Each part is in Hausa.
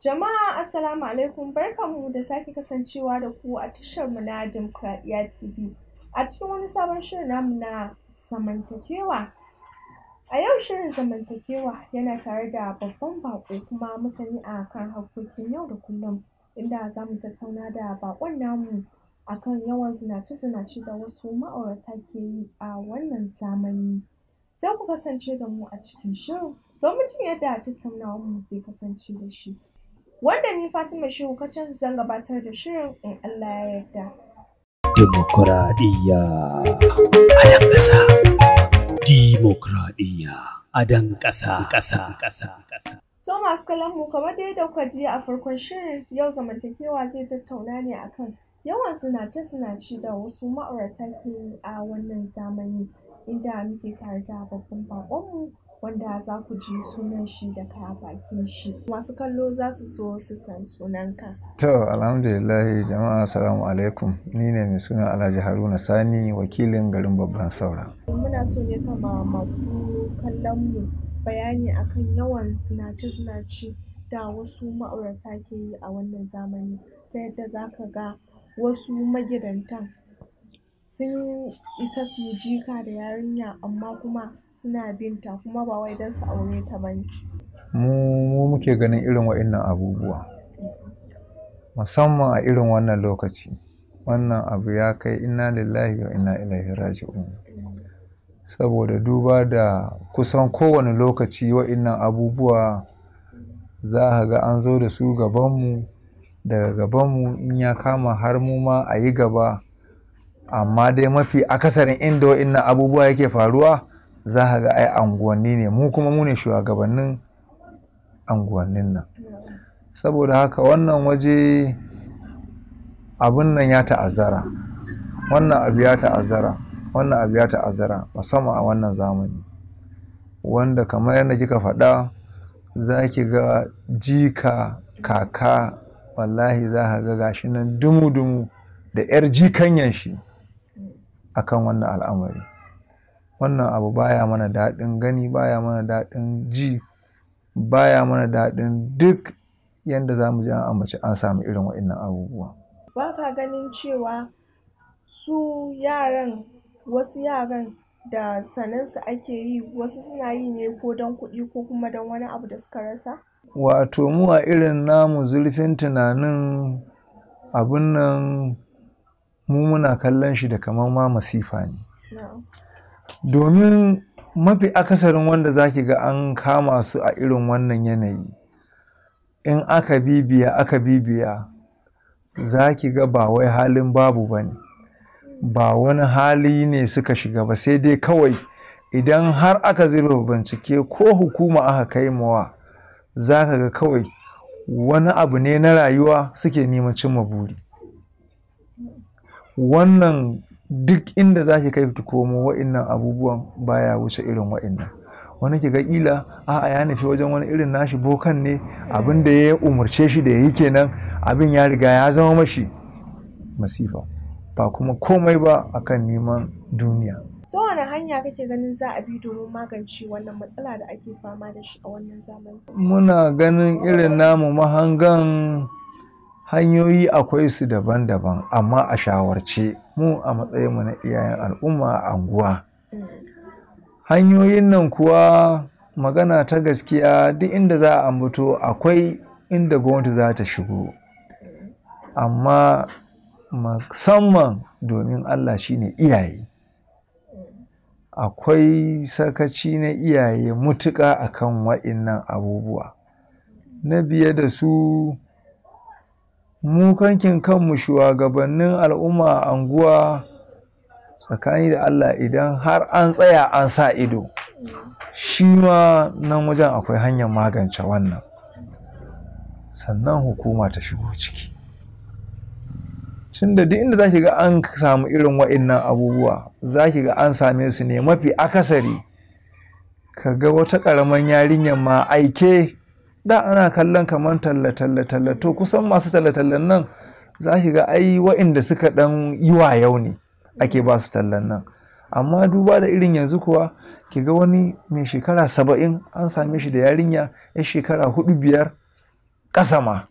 Jama'a Assalamu alaikum barkanmu da sake kasancewa da ku a mu na Dimokuraɗiyya TV a cikin wani sabon shirin namu na zamantakewa. A yau shirin zamantakewa yana tare da babban baƙo kuma masani a kan harkokin yau da kullum inda za mu tattauna da baƙon namu akan yawan zinace-zinace da wasu ma'aurata ke yi a wannan zamani. Sai ku kasance da mu a cikin shirin domin jin yadda tattaunawa mu zai kasance da shi. wanda ni Fatima Shehu Kacan zan gabatar da shirin in Allah ya yarda. Dimokuraɗiyya a dan ƙasa. Dimokuraɗiyya a dan ƙasa. Ƙasa. To masu kallon mu kamar da kuka ji a farkon shirin yau zamantakewa zai tattauna ne akan yawan sinace sinace da wasu ma'auratan ke a wannan zamani inda muke tare da babban baƙonmu wanda za ku ji sunan shi da ka bakin shi masu kallo za su so su san sunanka to alhamdulillah jama'a assalamu alaikum ni ne mai suna alhaji haruna sani wakilin garin babban saura muna so ne kama masu kallon mu bayani akan yawan zinace-zinace da wasu ma'aurata ke yi a wannan zamani ta yadda za ka ga wasu magidantan sun isa su yi jika da yarinya amma kuma suna binta kuma ba wai don su aure ta ba ne. Mu muke ganin irin wa'innan abubuwa. Musamman a irin wannan lokaci, wannan abu ya kai 'Ina lillahi wa inna ilaihi raji'un. Saboda duba da kusan kowane lokaci wa'innan abubuwa za a ga an zo da su gabanmu daga gabanmu in ya kama har mu ma a yi gaba. amma dai mafi akasarin inda wa'innan abubuwa yake faruwa za ka ga ai anguwanni ne mu kuma mu ne shugabannin anguwannin nan saboda haka wannan waje abin nan ya ta'azzara wannan abu ya ta'azzara wannan abu ya ta'azzara musamman a wannan zamani wanda kamar yadda kika faɗa za ki ga jika kaka wallahi za ka ga gashi nan dumu-dumu da 'yar jikanyan shi akan wannan al'amari wannan abu baya mana daɗin gani baya mana daɗin ji baya mana daɗin duk yadda za mu ji an ambaci an samu irin waɗannan abubuwa ba ka ganin cewa su yaran wasu yaran da sanansu ake yi wasu suna yi ne ko don kuɗi ko kuma don wani abu da suka rasa wato mu a irin namu zurfin tunanin abin nan mu muna kallon shi da kamar ma masifa ne domin mafi akasarin wanda zaki ga an kama su a irin wannan yanayi in aka bibiya aka bibiya za ki ga ba wai halin babu ba ne ba wani hali ne suka shiga ba sai dai kawai idan har aka zirba bincike ko hukuma aka kai mawa za ka ga kawai wani abu ne na rayuwa suke neman cimma buri wannan duk inda za ki kai ki komo wa'innan abubuwan baya wuce irin wa'innan wani ki ga ƙila a'a ya nufi wajen wani irin nashi bokan ne abin da ya umarce shi da ya yi kenan abin ya riga ya zama mashi masifa ba kuma komai ba akan neman duniya ta wani hanya kake ganin za a bi domin magance wannan matsala da ake fama da shi a wannan zamani muna ganin irin namu mahangan hanyoyi akwai su daban-daban amma a shawarce mu a matsayinmu na iyayen al'umma a anguwa hanyoyin nan kuwa magana ta gaskiya duk inda za a ambato akwai inda gwamnati za ta shigo amma musamman domin allah shine iyaye akwai sakaci na iyaye mutuƙa akan wa'innan abubuwa na biye da su mu kankin kanmu shugabannin al'umma a anguwa tsakani da Allah idan har an tsaya an sa ido shi ma nan wajen akwai hanyar magance wannan sannan hukuma ta shigo ciki tunda duk inda zaki ga an samu irin wa'innan abubuwa zaki ga an same su ne mafi akasari ka ga wata ƙaramin yarinyar ma aike da ana kallon kamar talle-talle to kusan masu talle-tallen nan za ki ga ai wa'inda suka dan yi yau ne ake ba su tallan nan amma duba da irin yanzu kuwa ki ga wani mai shekara saba'in an same shi da yarinya ya shekara hudu biyar ƙasa ma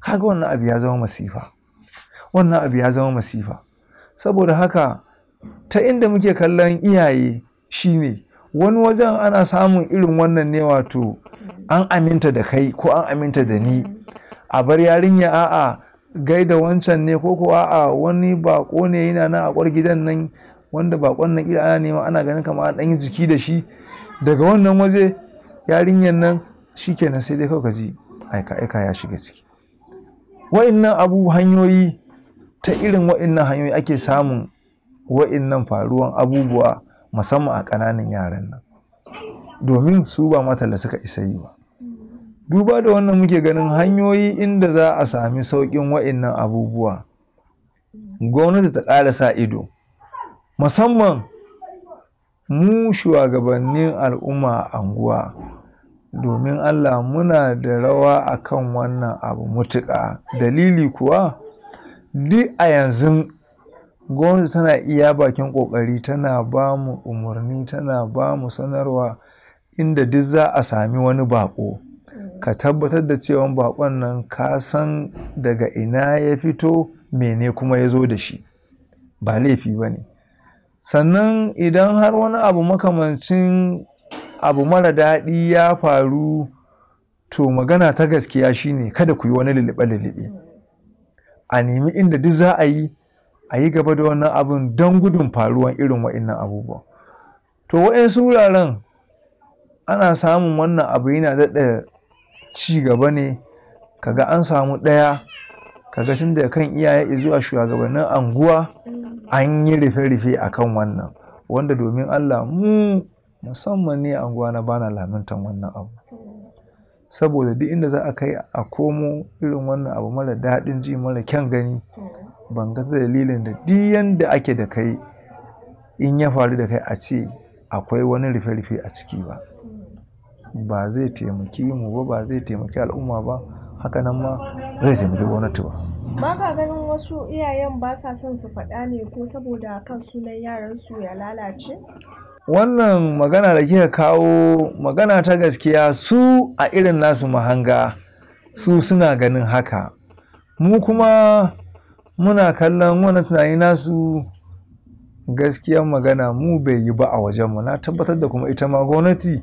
haka wannan abu ya zama masifa wannan abu ya zama masifa saboda haka ta inda muke kallon iyaye shine wani wajen ana samun irin wannan ne wato an aminta da kai ko an aminta da ni a bar yarinya a'a gaida wancan ne ko ko a'a wani bako ne yana nan a gidan nan wanda bakon nan ila ana nema ana ganin kamar an jiki da shi daga wannan waje yarinyar nan shikenan sai dai kawai ka ji aika aika ya shiga ciki wa'innan abu hanyoyi ta irin wa'innan hanyoyi ake samun wa'innan faruwan abubuwa musamman a ƙananan yaran nan domin su ba matan da suka isa yi ba duba da wannan muke ganin hanyoyi inda za a sami sauƙin wa'innan abubuwa gwamnati ta ƙara sa ido musamman mu shugabannin al'umma a anguwa domin allah muna da rawa akan wannan abu mutuƙa dalili kuwa duk a yanzu gwamnati tana iya bakin ƙoƙari tana ba mu umarni tana ba mu sanarwa inda duk za a sami wani bako ka tabbatar da cewa bakon nan ka san daga ina ya fito mene kuma ya zo da shi ba laifi ba ne sannan idan har wani abu makamancin abu mara daɗi ya faru to magana ta gaskiya shine kada ku yi wani lulluɓe-lulluɓe a nemi inda duk za a yi a yi gaba da wannan abin don gudun faruwan irin wa'innan abubuwan to wa'in wuraren ana samun wannan abu yana daɗa ci gaba ne kaga an samu ɗaya kaga tun da kan iyaye zuwa shugabannin anguwa an yi rufe-rufe a kan wannan wanda domin allah mu musamman ne anguwa na bana lamintan wannan abu saboda duk inda za a kai a komo irin wannan abu mara daɗin ji mara kyan gani ban ga dalilin da duk yanda ake da kai in ya faru da kai a ce akwai wani rufe-rufe a ciki ba ba zai taimaki mu ba ba zai taimaki al'umma ba haka nan ma zai taimaki gwamnati ba ba ka ganin wasu iyayen ba sa son su faɗa ne ko saboda kan sunan yaran su ya lalace wannan magana da kika kawo magana ta gaskiya su a irin nasu mahanga su suna ganin haka mu kuma muna kallon wani tunani nasu gaskiya magana mu bai yi ba a wajenmu na tabbatar da kuma ita ma gwamnati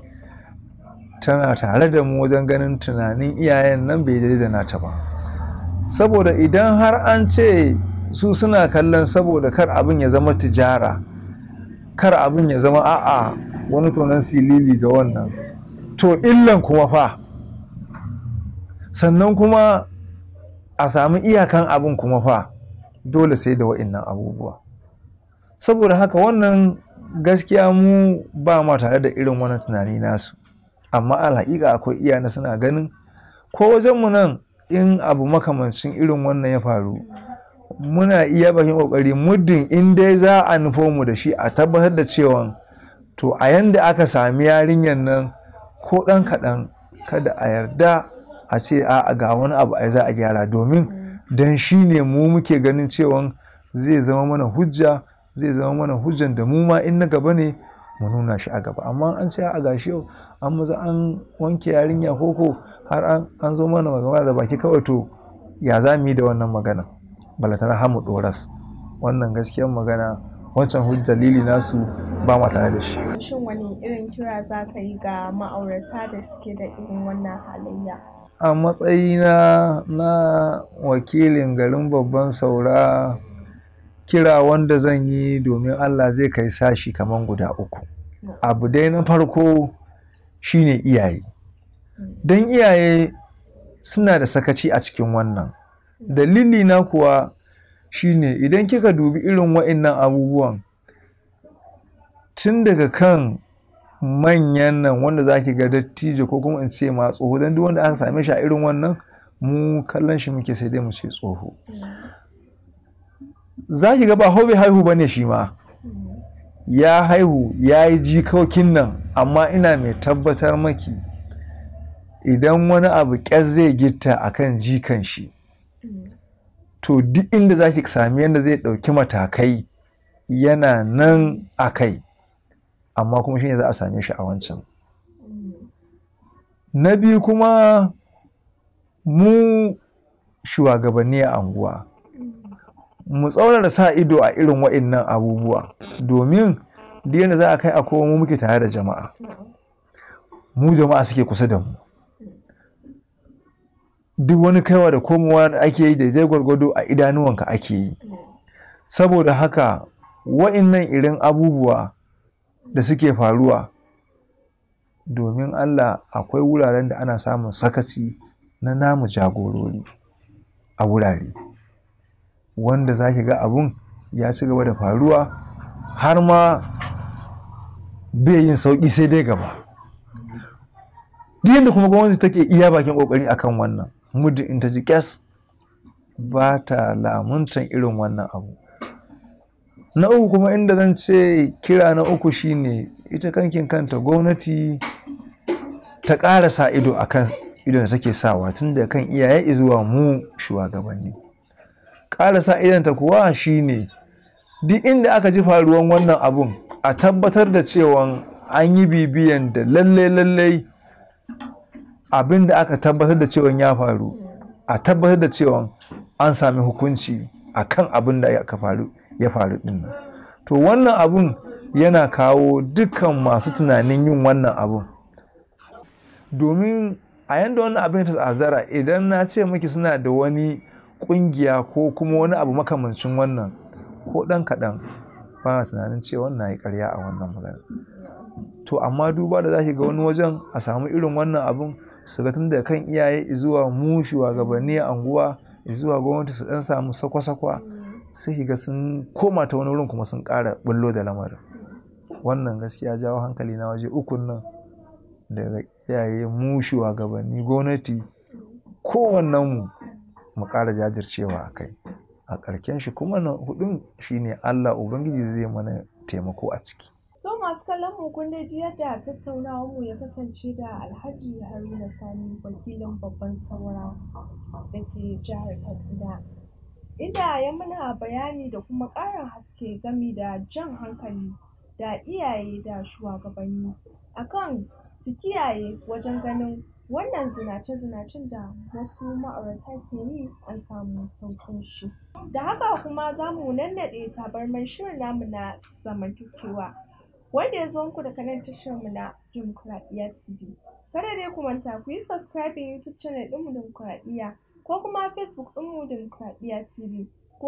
tana tare da mu wajen ganin tunanin iyayen nan bai daidai da nata ba saboda idan har an ce su suna kallon saboda kar abin ya zama tijara kar abin ya zama a'a wani tonon silili ga wannan to illan kuma fa sannan kuma a sami iyakan abin kuma fa dole sai da wa'innan abubuwa saboda haka wannan gaskiya mu ba ma tare da irin wannan tunani nasu amma alhaƙiƙa akwai iyana suna ganin ko wajenmu nan in abu makamancin irin wannan ya faru muna iya bakin kokari muddin in dai za a nufo mu da shi a tabbatar da cewa to a yanda aka sami yarinyar nan ko ɗan kaɗan kada a yarda a ce a ga wani abu a za a gyara domin don shi ne mu muke ganin cewa zai zama mana hujja zai zama mana hujjan da mu ma in na gaba ne mu nuna shi a gaba amma an sai a gashi yau an maza an wanke yarinya koko har an zo mana magana da baki kawai to ya za mu yi da wannan magana balatana hamu doras wannan gaskiyar magana wancan hujjar lili nasu ba ma tare da shi shin wani irin kira za ka yi ga ma'aurata da suke da irin wannan halayya a matsayina na wakilin garin babban saura kira wanda zan yi domin allah zai kai sashi kamar guda uku abu dai na farko shine iyaye don iyaye suna da sakaci a cikin wannan dalili na kuwa shine idan kika dubi irin wa'innan abubuwan tun daga kan manyan nan wanda za ki ga dattijo ko kuma in ce ma tsoho don duk wanda aka same shi a irin wannan mu kallon shi muke sai dai mu ce tsoho za ki ga ba hobe haihu ba ne shi ma ya haihu ya yi jikokin nan amma ina mai tabbatar maki idan wani abu ƙyar zai gitta a kan jikan shi to duk inda za ki sami yadda zai ɗauki matakai yana nan a kai amma kuma shi ne za a same shi a wancan mm. na biyu kuma mu shugabanni a anguwa mm. mu tsaunar sa ido a irin wa'innan abubuwa domin da za a kai a kowa mu muke tare da jama'a mm. mu jama'a suke kusa da mu duk wani kaiwa da komowa da ake yi daidai gwargwado a idanuwanka ake yi saboda haka wa'innan irin abubuwa da suke faruwa domin Allah akwai wuraren da ana samun sakaci na namu jagorori a wurare wanda za ga abun ya ci gaba da faruwa har ma bai yin sauƙi sai dai gaba duk yadda kuma gwamnati take iya bakin ƙoƙari akan wannan muddin in ta ji kyas ba ta lamuntan irin wannan abu na uku kuma inda zan ce kira na uku shine ita kankin kanta gwamnati ta ƙara sa ido a kan ido da take sawa tun da kan iyaye zuwa mu shugabanni ƙara sa ta kuwa shine duk inda aka ji faruwan wannan abun a tabbatar da cewa an yi bibiyan da lalle lalle abin da aka tabbatar da cewa ya faru a tabbatar da cewa an sami hukunci akan abin da aka faru ya faru din nan to wannan abun yana kawo dukkan masu tunanin yin wannan abun domin a yanda wannan abin ta tsazara idan na ce miki suna da wani kungiya ko kuma wani abu makamancin wannan ko dan kaɗan ba tunanin ce wannan ya karya a wannan magana to amma duba da zaki ga wani wajen a samu irin wannan abun su ga tun da kan iyaye zuwa mu shugabanni a anguwa zuwa gwamnati su dan samu sakwasakwa. sai ga sun koma ta wani wurin kuma sun ƙara bullo da lamarin wannan gaskiya jawo hankali na waje ukun nan daga iyaye mu shugabanni gwamnati kowannen mu mu ƙara jajircewa a kai a ƙarken shi kuma na hudun shine Allah Ubangiji zai mana taimako a ciki. So masu kallon mu kun ji yadda tattaunawar mu ya kasance da Alhaji Haruna Sani wakilin babban saura da ke jihar Kaduna. Ina ya muna bayani da kuma ƙarin haske game da jan hankali da iyaye da shuwagabanni akan su kiyaye wajen ganin wannan zinace-zinacen da wasu ma'aurata ke yi an samu sauƙin shi. Da haka kuma za mu nannaɗe tabarmar shirin namu na zamantakewa wanda ya zo muku daga nan tashar mu na Dimokuraɗiyya TV. Kada dai ku manta ku yi subscribing YouTube channel ɗinmu Dimokuraɗiyya ko kuma Facebook ɗinmu demokradiyya TV ko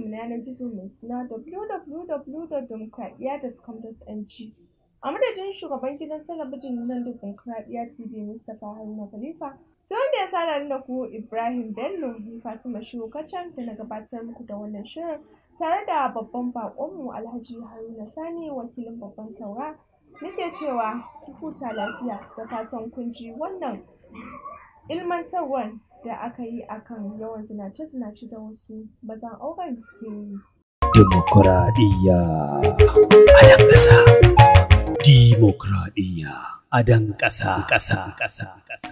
mu na yanar gizo mai suna www.demokradiyya.com.ng a madadin shugaban gidan talabijin nan demokradiyya tv mustapha haruna khalifa sai wanda ya sada da ku ibrahim bello ni fatima shehu kacan da na gabatar muku da wannan shirin tare da babban baƙonmu alhaji haruna sani wakilin babban saura nake cewa ki huta lafiya da fatan kun ji wannan ilmantarwar da aka yi akan yawan zinace-zinace da wasu bazan auren ke yi. Dimokuraɗiyya a dan ƙasa. Dimokuraɗiyya a dan ƙasa.